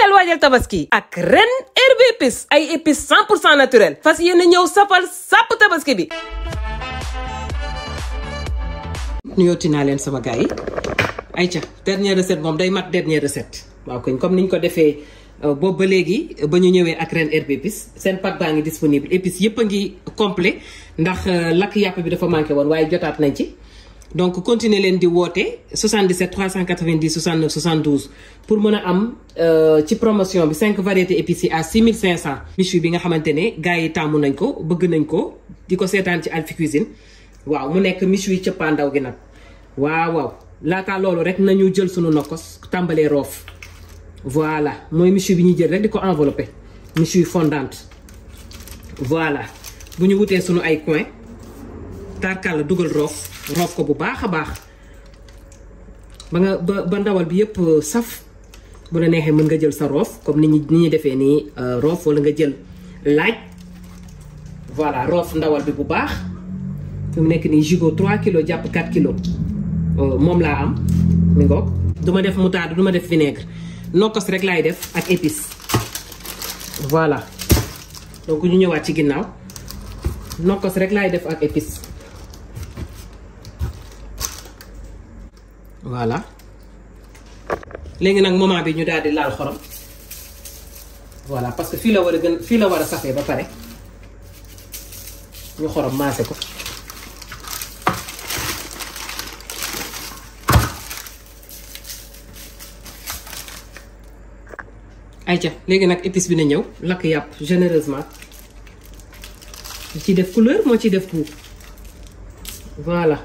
spécial waajal tabaski ak ren herbe épice ay épices 100 pour cent naturel fas yéene ñëw safal sàpp tabaski bi. nuyooti naa leen sama gars yi ayca dernière recette moom day mat dernière recette waaw koñ comme niñ ko defee euh, boobu ba léegi ba ñu ñëwee ak ren seen pack baa ngi disponible épices yëpp a ngi complet ndax euh, lakk yàpp bi dafa manqué woon waaye jotaat nañ ci. donc continuer leen di woote 77 390 69 72 pour mën a am euh, ci promotion bi 5 variétés épicées à 6500. michu bi nga xamante ne gars yi tàmmu nañ ko bëgg nañ ko di ko seetaan ci Alphie waaw mu nekk michu yi cëppaandaw gi nag waaw waaw laataa loolu rek nañu jël sunu nokkos tàmbalee roof. voilà mooy michu bi ñuy jël rek di ko enveloppé michu yi fondante voilà bu ñu wutee suñu ay coin tarkal dugal roof. roof ko bu baax a baax ba nga ba ndawal bi yëpp euh, saf bu la neexee mën nga jël sa roof comme ni ñu ni ñuy defee nii euh, roof wala nga jël laaj voilà roof ndawal bi bu baax fi mu nekk nii gigot 3 kilos jàpp 4 kilo euh, moom laa am mi ngoog du ma def moutarde du ma def vinaigre nokkos rek laay def ak épice voilà donc ñu ñëwaat ci ginnaaw nokkos rek laay def ak épice voilà léegi nag moment bi ñu daal di laal xorom voilà parce que fii la war a gën fii la war a safee ba pare ñu xorom maase ko ayca léegi nag épice bi na ñëw lakk yàpp généreusement li ciy def couleur moo ciy def goût voilà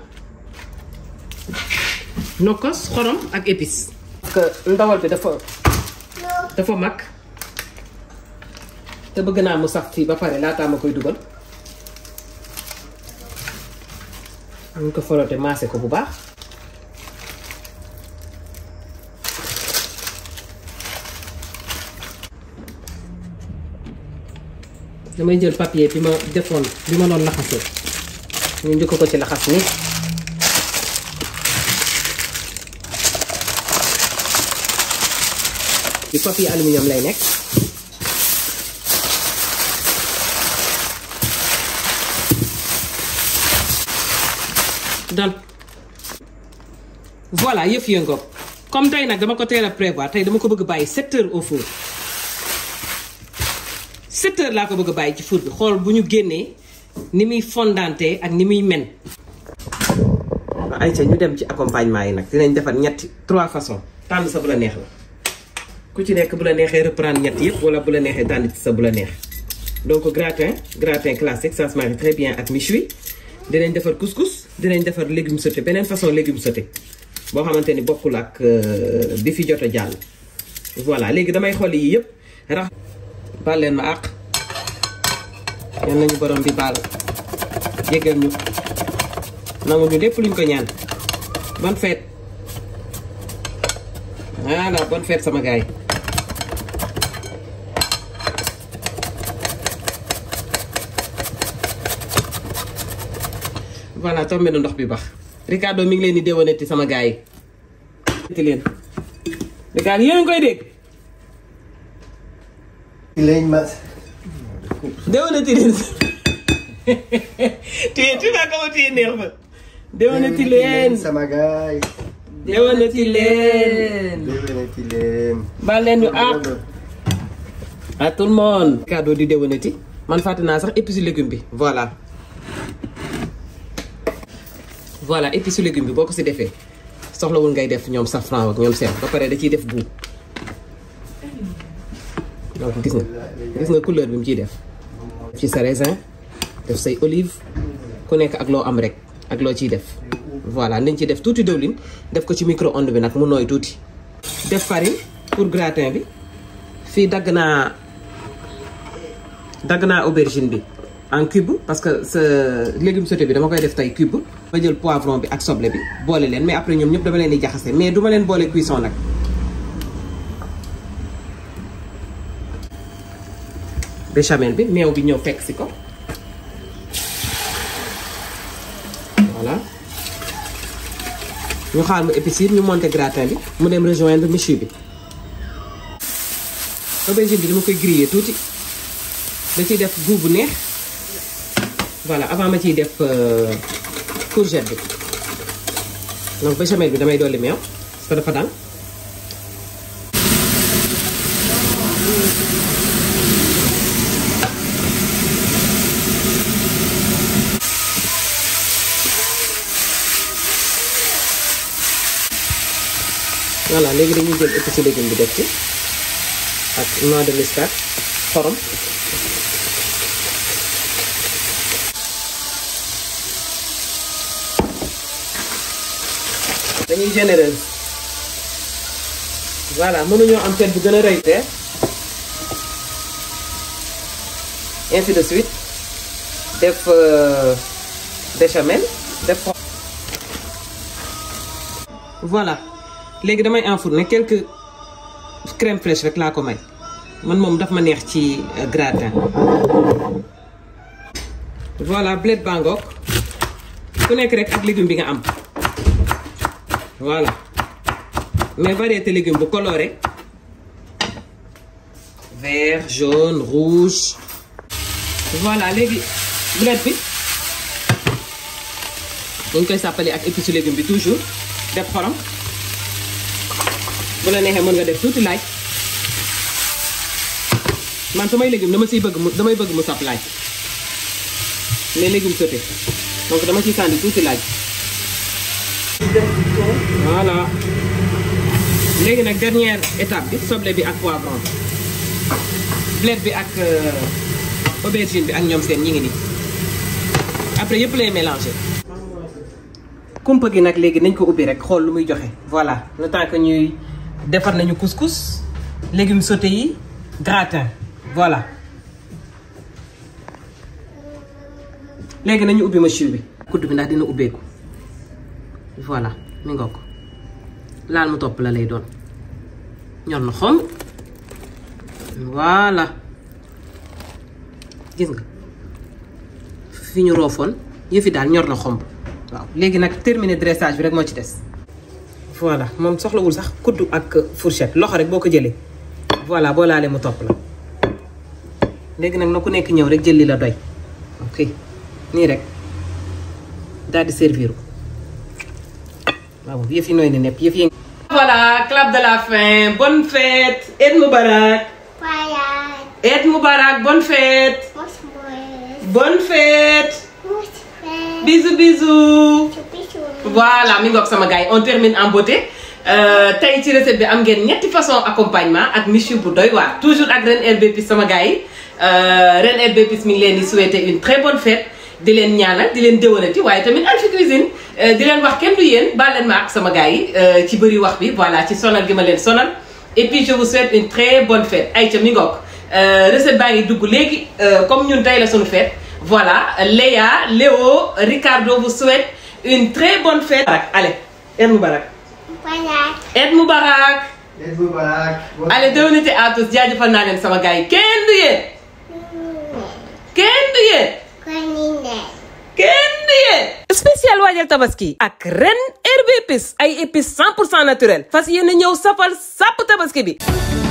nokkos xorom ak épice. parce ndawal bi dafa dafa mag te bëgg naa mu sax ci ba pare laataa ma koy dugal ñu ko folote maase ko bu baax damay jël papier bi ma defoon bi ma doon laxasee ñu njëkk ko ci laxas nii ci copier aluminium lay nekk dal voilà yëf yëngoog comme day nag dama ko teel a prévoir tey dama ko bëgg bàyyi 7 heures au four 7 laa ko bëgg a bàyyi ci four bi xool bu ñu génnee ni muy fondante ak ni muy men ayca ñu dem ci accompagnement yi nag dinañ defar ñetti trois façons tànn sa bu la neex la ku ci nekk bu la neexee reprendre ñett yëpp wala bu la neexee dàndi ci sa bu la neex donc gratin gratin classique ça marie très bien ak méchoui dinañ defar couscous dinañ defar légume sauté beneen façon légume sote boo xamante ni bokkul ak euh, bi fi jot a jàll voilà léegi damay xool yii yëpp rax baal leen ma àq yan nañu borom bi baal jéggal ñu nangu ñu lépp luñ ko ñaan bonne fête voilà bon fête sama gars voilà tombé ndox bi bax mi ngi leen di déwénati sama gars a ngi koy dégg. léegi ma. Ricardo di déwénati man fàtte naa sax épice légume bi voilà. voilà épice légume bi boo ko si defee soxlawul ngay def ñoom safran ak ñoom seen ba pare da ciy def bu donc gis nga gis nga couleur bi mu ciy def ci sa raisin def say olive ku nekk ak loo am rek ak loo ciy def voilà nañ ci def tuuti dëwlin def ko ci micro-onde bi nag mu nooy tuuti def farine pour gratin bi fii dagg naa dagg naa aubergine bi en cube parce que sa légume sauté bi dama koy def tay cube ba jël poivron bi ak soble bi boole leen mais après ñoom ñëpp dama leen di jaxase mais duma leen boole cuisson nag béchamel bi meew bi ñëw fekk si ko voilà ñu xaar mu épices ñu monter gratin bi mu dem rejoindre méchoui bi aubergine bi dama koy griller tuuti da ciy def goût bu neex voilà avant ma ciy def euh, courgette bi donc béchamel bi damay dolli meew parce que dafa daan voilà léegi dañuy jël épices def ci ak noix de muscade xorom dañuy généreuse voilà mënuñoo am fête bu gën a rëy te ainsi de suite def euh, béchamel voilà léegi damay enfourner quelque crème fraîche rek laa ko may man moom daf ma neex ci euh, gratin voilà bled bangok ku nekk rek ak légume bi nga am voilà mais variété légumes bu coloré vert jaune rouge voilà léegi bled bi dañ koy sàppali ak épices légumes bi toujours def xorom bu la neexee mën nga def tuuti laaj man samay légumes dama siy bëgg damay bëgg mu sàpp laaj mais légumes sauté donc dama ci sànni tuuti laaj. voilà léegi nag dernière étape bi soble bi ak poivron bled bi ak euh, aubergine bi ak ñoom seen ñi ngi nii après yëpp lay mélangé. kumpa gi nag léegi nañ ko ubbi rek xool lu muy joxe voilà le temps ñuy defar nañu couscous légumes sautés yi gratin voilà léegi nañu ubbi machine bi. kudd bi ndax dina ubbeeku voilà. mi nga ko laal mu topp la lay doon ñor na xom voilà gis nga fi ñu roofoon yëfi daal ñor na xomb waaw léegi nag terminer dressage bi rek moo ci des voilà moom soxlawul sax kuddu ak fourchette loxo rek boo ko jëlee voilà boo laalee mu topp la léegi nag na ku nekk ñëw rek jël li la doy ok nii rek daal di servir waaw yëf yi nooy na nepp yëf yi. voilà clap de la fin bonne fête Eid Moubarak. Eid Moubarak bonne fête. bonne fête. voilà mi ngoog sama gars yi on termine en beauté euh, tey ci recette bi am ngeen ñetti façon accompagnement ak michu bu doy waar toujours ak Reen Herbes Épices sama gars yi euh, Reen Herbes Épices mi ngi leen di souhaiter une très bonne fête. di leen ñaanal di leen déwénati waaye tamit Alphie Cuisine euh, di leen wax kenn du yéen baal leen ma ak sama gars yi euh, ci bëri wax bi voilà ci sonal gi ma leen sonal et puis je vous souhaite une très bonne fête Aïcha mi ngoog euh, recette baa ngi dugg léegi comme ñun tey la suñu fet voilà Léa Léo Ricardo vous souhaite une très bonne fête. allez Eid Mubarak. Eid Mubarak. Eid Mubarak. allez déwénati à tous jaajëfal naa leen sama gars yi kenn spécial waajal tabaski ak ren herbe épice ay épice 100 pour cent naturel fas yéene ñëw safal sàpp tabaski bi